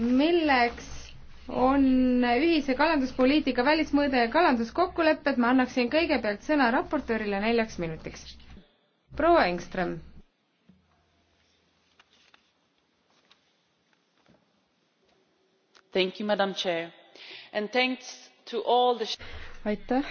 milleks on ühise kalanduspoliitika välismõõde ja kalanduskokkulepped, ma annaksin kõigepealt sõna raportöörile neljaks minutiks. proua Engström. aitäh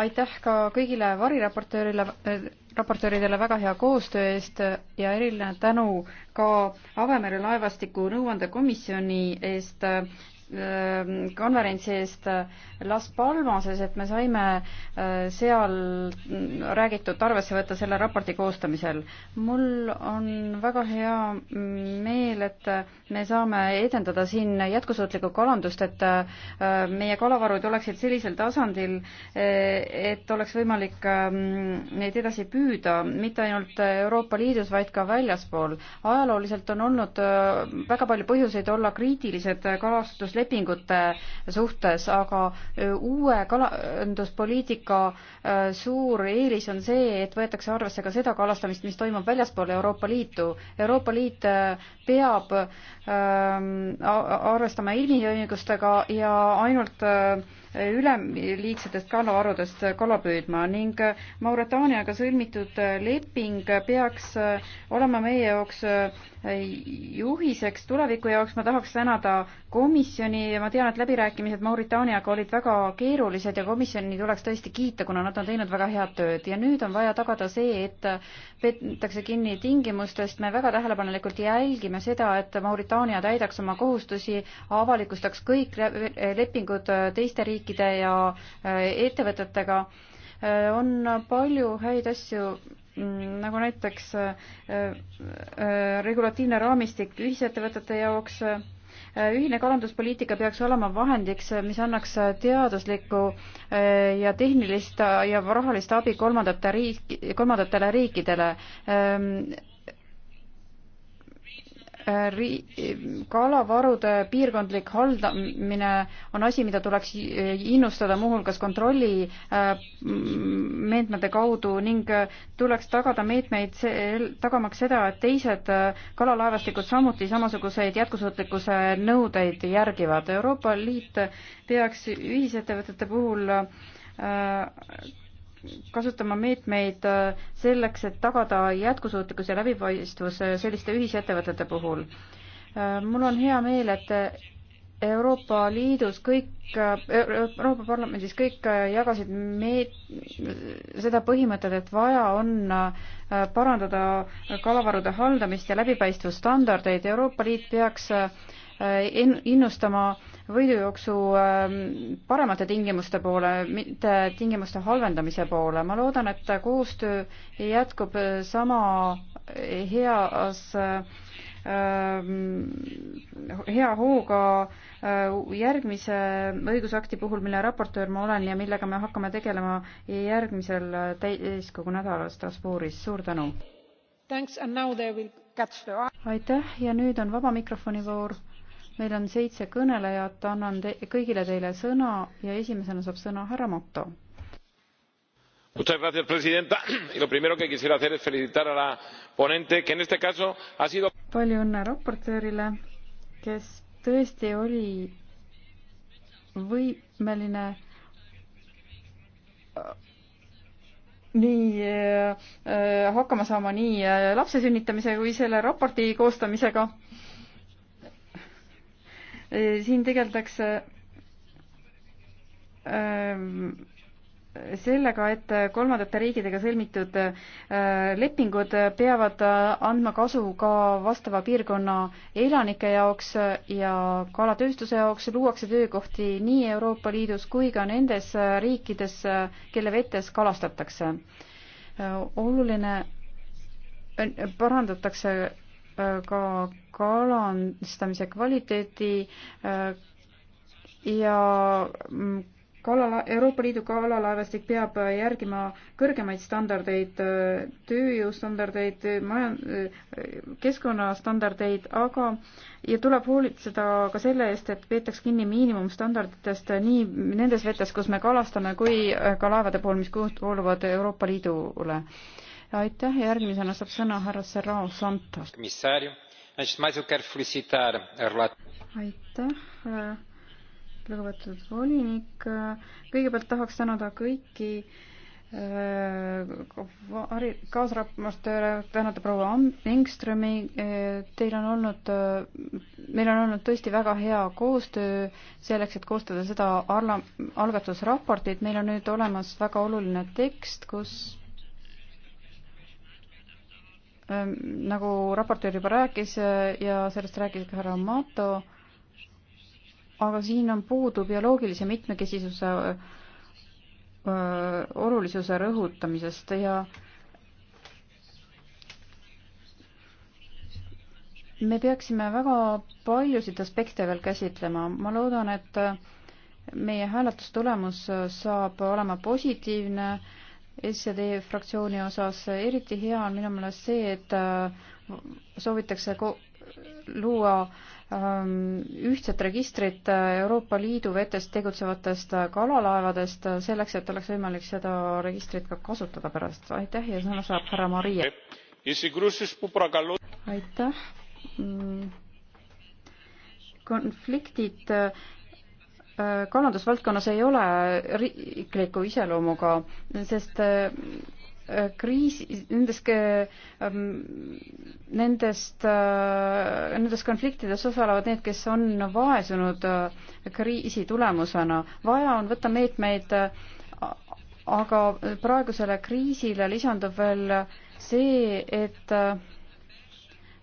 aitäh ka kõigile variraportöörile, äh, raportööridele väga hea koostöö eest ja eriline tänu ka Avemere laevastiku nõuandekomisjoni eest Ähm, konverentsi eest äh, Las Palmases, et me saime äh, seal mm, räägitut arvesse võtta selle raporti koostamisel. mul on väga hea meel, et me saame edendada siin jätkusuutlikku kalandust, et äh, meie kalavarud oleksid sellisel tasandil, et oleks võimalik ähm, neid edasi püüda, mitte ainult Euroopa Liidus, vaid ka väljaspool. ajalooliselt on olnud väga palju põhjuseid olla kriitilised kalastuslepingutega, partnerluslepingute suhtes, aga äh, uue kalanduspoliitika äh, suur eelis on see, et võetakse arvesse ka seda kalastamist, mis toimub väljaspool Euroopa Liitu. Euroopa Liit äh, peab ähm, arvestama ilmiõigustega ja ainult äh, üleliigsetest kalavarudest kala püüdma ning Mauritaaniaga sõlmitud leping peaks olema meie jaoks juhiseks tuleviku jaoks. ma tahaks tänada komisjoni ja ma tean, et läbirääkimised Mauritaaniaga olid väga keerulised ja komisjoni tuleks tõesti kiita, kuna nad on teinud väga head tööd ja nüüd on vaja tagada see, et peetakse kinni tingimustest. me väga tähelepanelikult jälgime seda, et Mauritaania täidaks oma kohustusi, avalikustaks kõik lepingud teiste riikidega liikmesriikide ja äh, ettevõtetega. Äh, on palju häid asju, mm, nagu näiteks äh, regulatiivne raamistik ühisettevõtete jaoks ühine kalanduspoliitika peaks olema vahendiks, mis annaks teaduslikku ja tehnilist ja rahalist abi kolmandate riik, kolmandatele riikidele. Ähm, kalavarude piirkondlik haldamine on asi, mida tuleks innustada muuhulgas kontrolli äh, meetmete kaudu ning äh, tuleks tagada meetmeid, tagamaks seda, et teised äh, kalalaevastikud samuti samasuguseid jätkusuutlikkuse nõudeid järgivad. Euroopa Liit peaks ühisettevõtete puhul kasutama meetmeid äh, selleks, et tagada jätkusuutlikkus ja läbipaistvus äh, selliste ühisettevõtete puhul. Äh, mul on hea meel, et Euroopa Liidus kõik, Euroopa Parlamendis kõik jagasid meet-, seda põhimõtet, et vaja on parandada kalavarude haldamist ja läbipaistvusstandardeid. Euroopa Liit peaks äh, Äh, innustama võidujooksu ähm, paremate tingimuste poole, mitte tingimuste halvendamise poole. ma loodan, et koostöö jätkub sama heas ähm, hea hooga äh, järgmise õigusakti puhul, mille raportöör ma olen ja millega me hakkame tegelema järgmisel täiskogu nädalal Strasbourgis. suur tänu! aitäh ja nüüd on vaba mikrofoni voor meil on seitse kõnelejat, annan te kõigile teile sõna ja esimesena saab sõna härra Motto. señora presidenta y lo primero que quisiera hacer es felicitar a la ponente que en este caso ha sido. palju õnne raportöörile, kes tõesti oli võimeline äh, nii äh, hakkama saama nii äh, lapse sünnitamise kui selle raporti koostamisega siin tegeldakse ähm, sellega, et kolmandate riikidega sõlmitud äh, lepingud peavad äh, andma kasu ka vastava piirkonna elanike jaoks ja kalatööstuse jaoks luuakse töökohti nii Euroopa Liidus kui ka nendes riikides, kelle vetes kalastatakse. Äh, oluline, parandatakse ka kalandamise kvaliteedi äh, ja mm, kalala-, Euroopa Liidu kalalaevastik peab järgima kõrgemaid standardeid, äh, tööjõustandardeid, maja-, äh, keskkonnastandardeid, aga ja tuleb hoolitseda ka selle eest, et peetaks kinni miinimumstandarditest nii nendes vetes, kus me kalastame, kui ka laevade puhul, mis kuuluvad Euroopa Liidule. aitäh ja järgmisena saab sõna härra Serrao Santos aitäh, äh, lugupeetud volinik. kõigepealt tahaks tänada kõiki äh, kaasraportööre, tänada proua Engströmi, äh, teil on olnud, meil on olnud tõesti väga hea koostöö selleks, et koostada seda algatusraportit, meil on nüüd olemas väga oluline tekst, kus nagu raportöör juba rääkis ja sellest rääkis ka härra Mato, aga siin on puudu bioloogilise mitmekesisuse olulisuse rõhutamisest ja me peaksime väga paljusid aspekte veel käsitlema. ma loodan, et meie hääletustulemus saab olema positiivne SED fraktsiooni osas eriti hea on minu meelest see, et äh, soovitakse luua ähm, ühtset registrit äh, Euroopa Liidu vetes tegutsevatest äh, kalalaevadest, selleks et oleks võimalik seda registrit ka kasutada pärast. aitäh ja sõna saab härra Maria. aitäh. Mm. konfliktid Äh, kalandusvaldkonnas ei ole riikliku iseloomuga, sest äh, kriis, nendest, ähm, nendest, äh, nendes konfliktides osalevad need, kes on vaesunud kriisi tulemusena. vaja on võtta meetmeid, aga praegusele kriisile lisandub veel see, et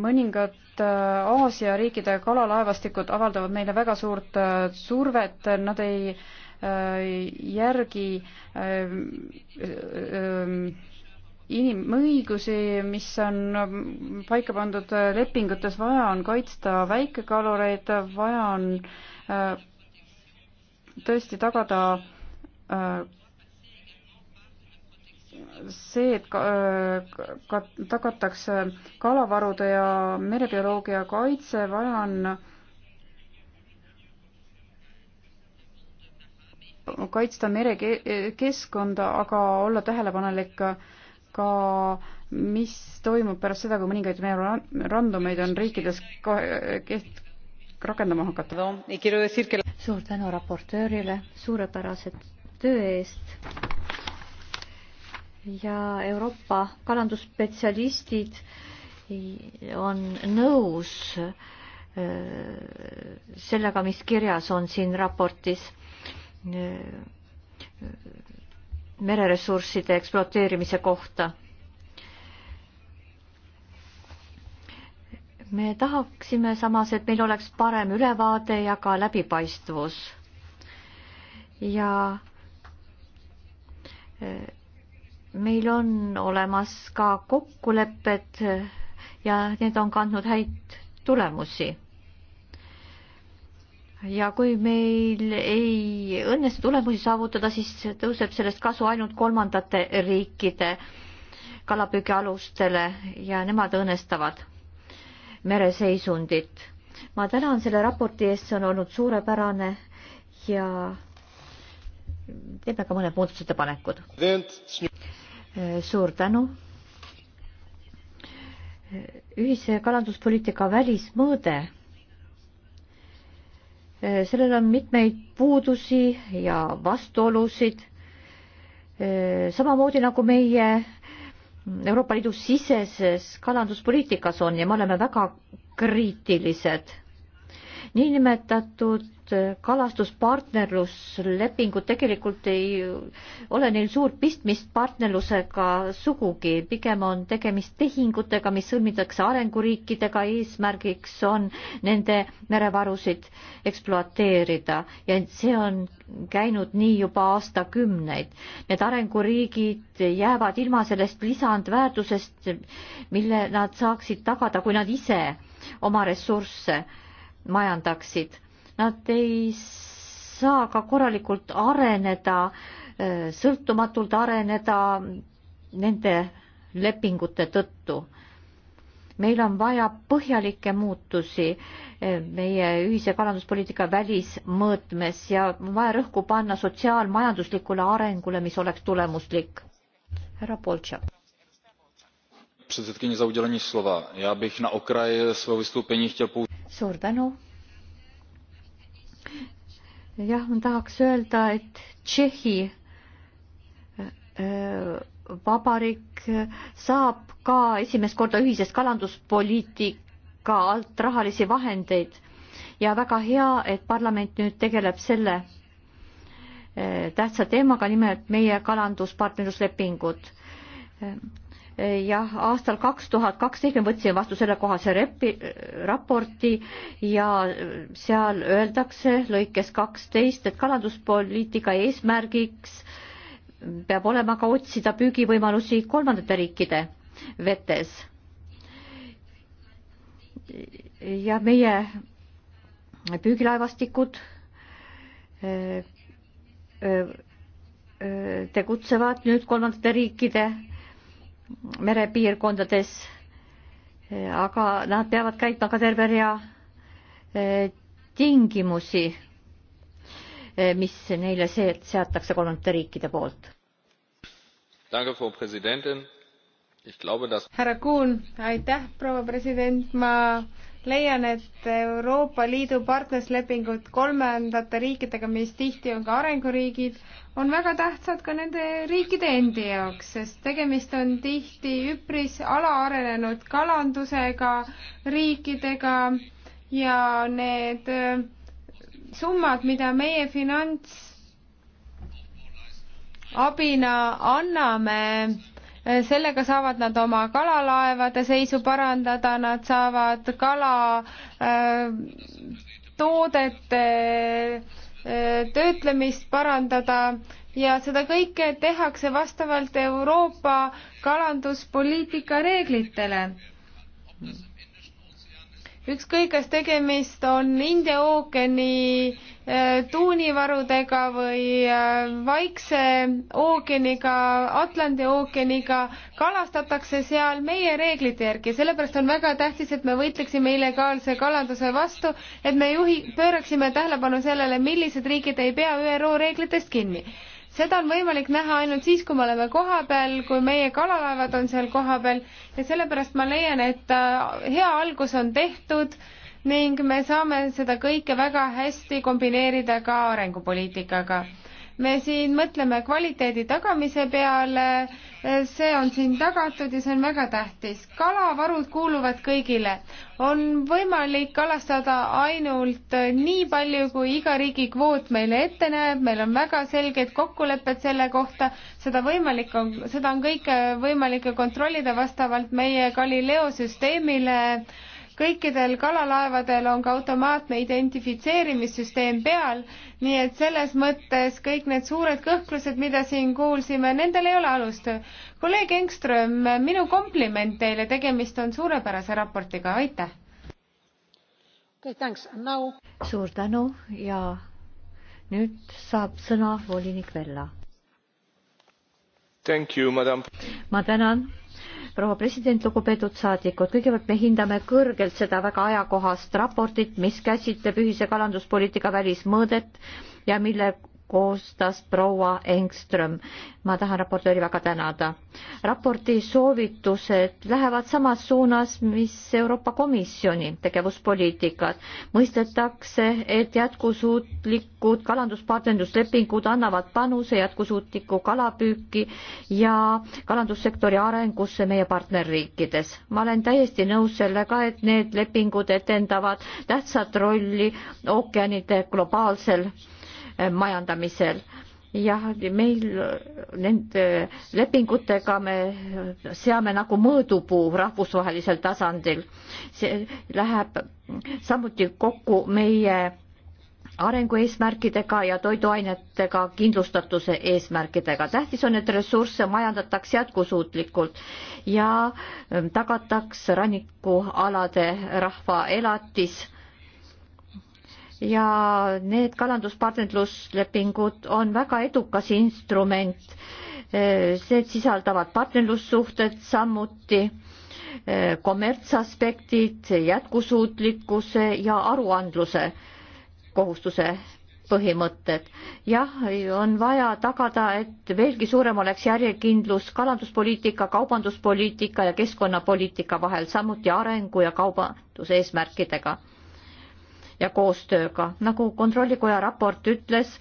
mõningad äh, Aasia riikide kalalaevastikud avaldavad meile väga suurt äh, survet, nad ei äh, järgi inimõigusi, mis on paika pandud lepingutes, vaja on kaitsta väikekalureid, vaja on tõesti tagada see, et ka, ka tagatakse kalavarude ja merebioloogia kaitse, vaja on kaitsta merekeskkonda, aga olla tähelepanelik ka, mis toimub pärast seda, kui mõningaid meerandumeid on riikides keht-, rakendama hakata. suur tänu raportöörile suurepärase töö eest ja Euroopa kalandusspetsialistid on nõus äh, sellega, mis kirjas on siin raportis äh, mereressursside ekspluateerimise kohta. me tahaksime samas, et meil oleks parem ülevaade ja ka läbipaistvus. ja äh, meil on olemas ka kokkulepped ja need on kandnud häid tulemusi. ja kui meil ei õnnestu tulemusi saavutada, siis tõuseb sellest kasu ainult kolmandate riikide kalapüügialustele ja nemad õõnestavad mereseisundit. ma tänan selle raporti eest, see on olnud suurepärane ja teeme ka mõned muudatusettepanekud suur tänu. ühise kalanduspoliitika välismõõde. sellel on mitmeid puudusi ja vastuolusid. samamoodi nagu meie Euroopa Liidu siseses kalanduspoliitikas on ja me oleme väga kriitilised niinimetatud kalastuspartnerluslepingud tegelikult ei ole neil suurt pistmist partnerlusega sugugi, pigem on tegemist tehingutega, mis sõlmitakse arenguriikidega, eesmärgiks on nende merevarusid ekspluateerida ja see on käinud nii juba aastakümneid. Need arenguriigid jäävad ilma sellest lisandväärtusest, mille nad saaksid tagada, kui nad ise oma ressursse majandaksid. Nad ei saa ka korralikult areneda, sõltumatult areneda nende lepingute tõttu. meil on vaja põhjalikke muutusi meie ühise kalanduspoliitika välismõõtmes ja vaja rõhku panna sotsiaalmajanduslikule arengule, mis oleks tulemuslik. härra Boltšak. předsedkyně za udělení slova. Já bych na okraj svého vystoupení chtěl pouze suur tänu. jah, ma tahaks öelda, et Tšehhi äh, äh, vabariik saab ka esimest korda ühisest kalanduspoliitika alt rahalisi vahendeid ja väga hea, et parlament nüüd tegeleb selle äh, tähtsa teemaga, nimelt meie kalanduspartnerluslepingud jah, aastal kaks tuhat kaksteist me võtsime vastu sellekohase repi-, raporti ja seal öeldakse lõikes kaksteist, et kalanduspoliitika eesmärgiks peab olema ka otsida püügivõimalusi kolmandate riikide vetes. ja meie püügilaevastikud eh, eh, eh, tegutsevad nüüd kolmandate riikide merepiirkondades, aga nad peavad täitma ka terve rea e, tingimusi, e, mis neile see, seatakse kolmandate riikide poolt. härra Kuhn, aitäh, proua president, ma leian, et Euroopa Liidu partnerlepingud kolmandate riikidega, mis tihti on ka arenguriigid, on väga tähtsad ka nende riikide endi jaoks, sest tegemist on tihti üpris alaarenenud kalandusega riikidega ja need äh, summad, mida meie finants abina anname sellega saavad nad oma kalalaevade seisu parandada, nad saavad kala äh, toodete äh, töötlemist parandada ja seda kõike tehakse vastavalt Euroopa kalanduspoliitika reeglitele ükskõik, kas tegemist on India ookeani äh, tuunivarudega või äh, Vaikse ookeaniga, Atlandi ookeaniga, kalastatakse seal meie reeglite järgi, sellepärast on väga tähtis, et me võitleksime illegaalse kalanduse vastu, et me juhi, pööraksime tähelepanu sellele, millised riigid ei pea ÜRO reeglitest kinni seda on võimalik näha ainult siis, kui me oleme kohapeal, kui meie kalalaevad on seal kohapeal ja sellepärast ma leian, et äh, hea algus on tehtud ning me saame seda kõike väga hästi kombineerida ka arengupoliitikaga me siin mõtleme kvaliteedi tagamise peale, see on siin tagatud ja see on väga tähtis. kalavarud kuuluvad kõigile. on võimalik kalastada ainult nii palju, kui iga riigi kvoot meile ette näeb, meil on väga selged kokkulepped selle kohta, seda võimalik on, seda on kõike võimalik ju kontrollida vastavalt meie Galileo süsteemile kõikidel kalalaevadel on ka automaatne identifitseerimissüsteem peal, nii et selles mõttes kõik need suured kõhklused, mida siin kuulsime, nendel ei ole alust. kolleeg Engström, minu kompliment teile, tegemist on suurepärase raportiga, aitäh okay,! Now... suur tänu ja nüüd saab sõna volinik Vella. ma tänan proua president, lugupeetud saadikud, kõigepealt me hindame kõrgelt seda väga ajakohast raportit, mis käsitleb ühise kalanduspoliitika välismõõdet ja mille koostas proua Engström. ma tahan raportööri väga tänada. raporti soovitused lähevad samas suunas, mis Euroopa Komisjoni tegevuspoliitikat. mõistetakse, et jätkusuutlikud kalanduspartnerluslepingud annavad panuse jätkusuutlikku kalapüüki ja kalandussektori arengusse meie partnerriikides. ma olen täiesti nõus sellega, et need lepingud etendavad tähtsat rolli ookeanide globaalsel majandamisel jah, meil nende lepingutega me seame nagu mõõdupuu rahvusvahelisel tasandil. see läheb samuti kokku meie arengueesmärkidega ja toiduainetega kindlustatuse eesmärkidega. tähtis on, et ressursse majandataks jätkusuutlikult ja tagataks rannikualade rahva elatis ja need kalanduspartnerluslepingud on väga edukas instrument. Need sisaldavad partnerlussuhted samuti, kommertsaspektid, jätkusuutlikkuse ja aruandluse kohustuse põhimõtted. jah, on vaja tagada, et veelgi suurem oleks järjekindlus kalanduspoliitika, kaubanduspoliitika ja keskkonnapoliitika vahel, samuti arengu ja kaubanduse eesmärkidega ja koostööga. nagu Kontrollikoja raport ütles,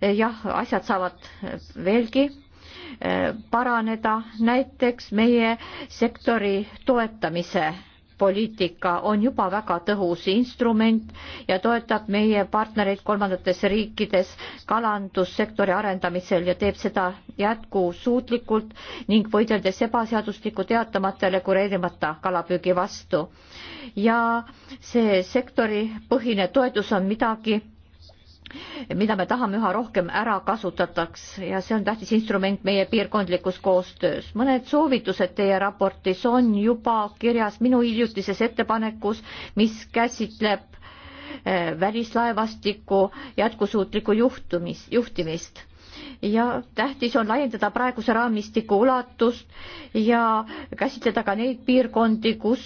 eh, jah, asjad saavad eh, veelgi eh, paraneda, näiteks meie sektori toetamise poliitika on juba väga tõhus instrument ja toetab meie partnereid kolmandates riikides kalandussektori arendamisel ja teeb seda jätkusuutlikult ning võideldes ebaseadusliku teatamata ja reguleerimata kalapüügi vastu. ja see sektoripõhine toetus on midagi, mida me tahame üha rohkem ära kasutataks ja see on tähtis instrument meie piirkondlikus koostöös. mõned soovitused teie raportis on juba kirjas minu hiljutises ettepanekus, mis käsitleb eh, välislaevastiku jätkusuutlikku juhtumis, juhtimist ja tähtis on laiendada praeguse raamistiku ulatust ja käsitleda ka neid piirkondi, kus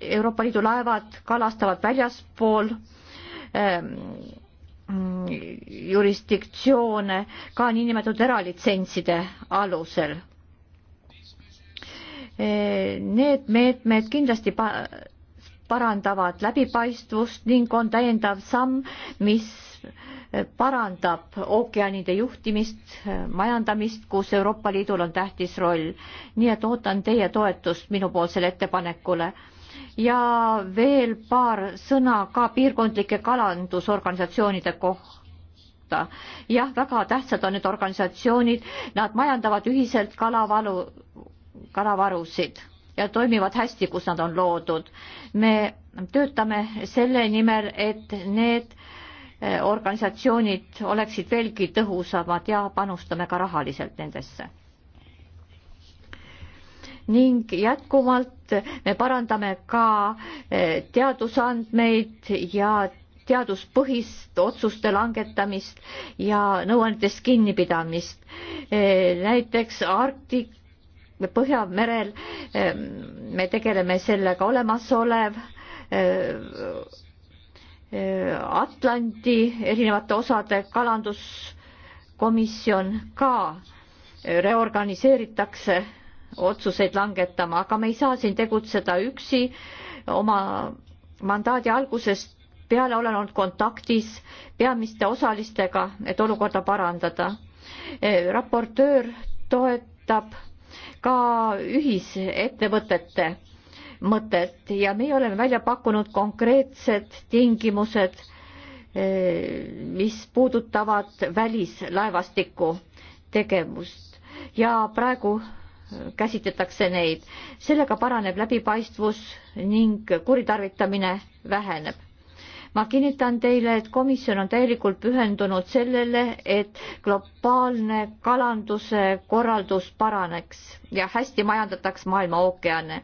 Euroopa Liidu laevad kalastavad väljaspool ähm, Mm, jurisdiktsioone ka niinimetatud eralitsentside alusel. E, need meetmed kindlasti pa parandavad läbipaistvust ning on täiendav samm, mis parandab ookeanide juhtimist, majandamist, kus Euroopa Liidul on tähtis roll. nii et ootan teie toetust minupoolsele ettepanekule ja veel paar sõna ka piirkondlike kalandusorganisatsioonide kohta kohta. jah, väga tähtsad on need organisatsioonid, nad majandavad ühiselt kalavalu, kalavarusid ja toimivad hästi, kus nad on loodud. me töötame selle nimel, et need eh, organisatsioonid oleksid veelgi tõhusamad ja panustame ka rahaliselt nendesse ning jätkuvalt me parandame ka eh, teadusandmeid ja teaduspõhist otsuste langetamist ja nõuannetest kinnipidamist. Eh, näiteks Arktik Põhjamerel eh, me tegeleme sellega olemasolev Atlandi erinevate osade kalanduskomisjon ka reorganiseeritakse otsuseid langetama, aga me ei saa siin tegutseda üksi. oma mandaadi algusest peale olen olnud kontaktis peamiste osalistega, et olukorda parandada. E, raportöör toetab ka ühisettevõtete mõtet ja meie oleme välja pakkunud konkreetsed tingimused, e, mis puudutavad välislaevastiku tegevust ja praegu käsitletakse neid. sellega paraneb läbipaistvus ning kuritarvitamine väheneb. ma kinnitan teile, et komisjon on täielikult pühendunud sellele, et globaalne kalanduse korraldus paraneks ja hästi majandataks maailma ookeane.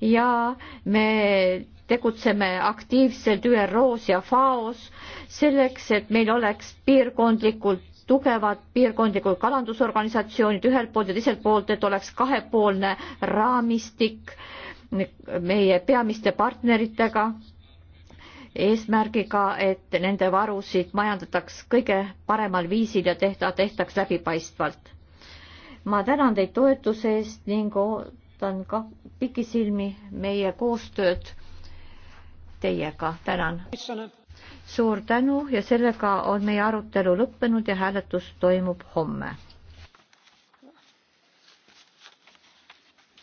ja me tegutseme aktiivselt ÜRO-s ja FAO-s selleks, et meil oleks piirkondlikult tugevad piirkondlikud kalandusorganisatsioonid ühelt poolt ja teiselt poolt, et oleks kahepoolne raamistik meie peamiste partneritega eesmärgiga, et nende varusid majandataks kõige paremal viisil ja tehta, tehtaks läbipaistvalt. ma tänan teid toetuse eest ning ootan ka pikisilmi meie koostööd teiega, tänan suur tänu ja sellega on meie arutelu lõppenud ja hääletus toimub homme.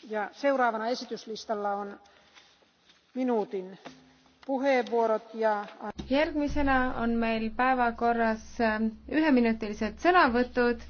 ja seuraavana esityslistalla on minutin puheenvuorot ja järgmisena on meil päevakorras äh, üheminutilised sõnavõtud